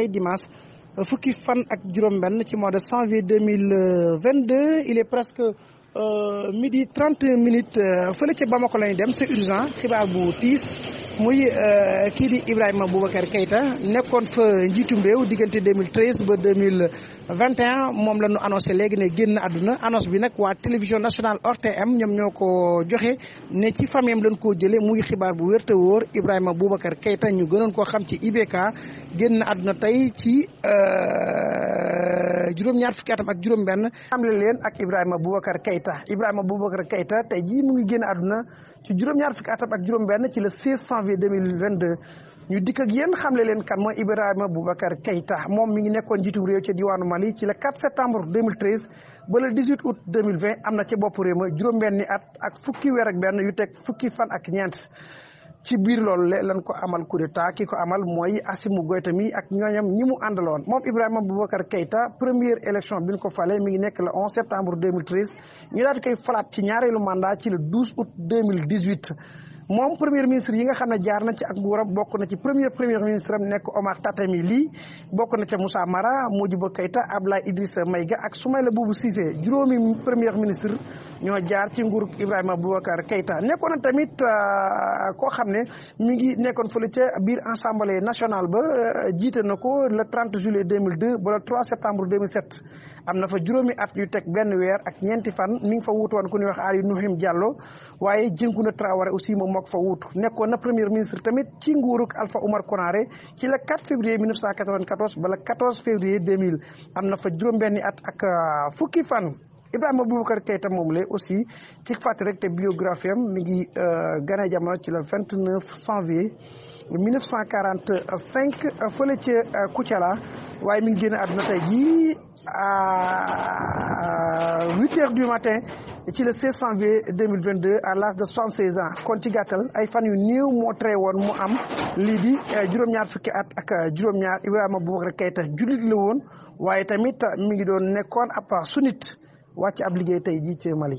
tey dimanche euh, fukki fan ak juróom-benn ci mois de janvier deux mille euh, vingt deux il est presque euh, midi trente minutes fële ca Bamako lañu dem c'est urgent xibaar bu tiis. muy euh, kii di Ibrahima Boubacar Keita nekkoon fa njiitum réew diggante 2013 ba 2021 moom la ñu annoncé léegi ne génn àdduna annonce bi nag waa télévision nationale ORTM ñoom ñoo ko joxe ne ci famille lañ koo jëlee muy xibaar bu wér te wóor Ibrahima Boubacar Keita ñu gënoon koo xam ci IBK génn àdduna tey ci. Euh, juróom-ñaar fukki atam ak juróom-benn. xamle leen ak Ibrahima Boubacar Keita Ibrahima Boubacar Keita tey jii mu ngi génn àdduna ci juróom-ñaar fukki atam ak juróom-benn ci le 16 janvier 2022. ñu dikk ak yéen xamle leen kan mooy Ibrahima Boubacar Keita moom mi ngi nekkoon njiitum réew ca diwaanu Mali ci le 4 septembre 2013 ba le 18 août 2020 am na ca bopp réew ma juróom-benni at ak fukki weer ak benn yu teg fukki fan ak ñeent. ci biir loolu le lan ko amal coup d'état ki ko amal mooy Assimi Goïta mi ak ñooñam ñi mu àndaloon moom Ibrahima Boubacar Keïta première élection bi ñu ko fale mi ngi nekk le 11 septembre 2013 ñu daal di koy ci ñaareelu mandat ci le 12 août 2018 moom premier ministre yi nga xam ne jaar na ci ak nguuram bokk na ci premier premier ministre am nekk Omar Tatemi Ly bokk na ca Moussa Mara Modibo Keïta Abdoulaye Idrissa Maïga ak Soumaïla Boubou Cissé juróomi premier ministre ñoo jaar ci nguur Ibrahima Boubacar Keïta nekkoona na tamit euh, koo xam ne mi ngi nekkoon fule ca biir assemblée nationale ba euh, jiite na ko le 30 juillet 2002 ba le 3 septembre 2007. am na fa juróomi at yu teg benn weer ak ñeenti fan mi ngi fa wuutu woon ku ñuy wax Aliou Nouhim Diallo waaye Djinkuna Traoré aussi moom moo ko fa wuutu nekkoon na premier ministre tamit ci nguuruk Alpha Oumar Konaré ci le 4 février 1994 ba le 14 février 2000 am na fa juróom-benni at ak euh, fukki fan. Ibrahima Boubacar Keïta moom la aussi ci fàtte rek te biographie mi ngi euh, gane jamono ci la vingt neuf janvier mille neuf cent quarante cinq fële ca euh, Koutiala waaye mi ngi génn àdduna tey jii à euh, huit heures du matin ci le à l'âge de 76 ans kon ci gàttal ay fan yu néew moo tere woon mu am lii di juróom-ñaar fukki at ak juróom-ñaar Ibrahima Boubacar Keïta jullit la woon waaye tamit mi ngi doon nekkoon ab sunnite wàcc ab liggéey tey jii ci Mali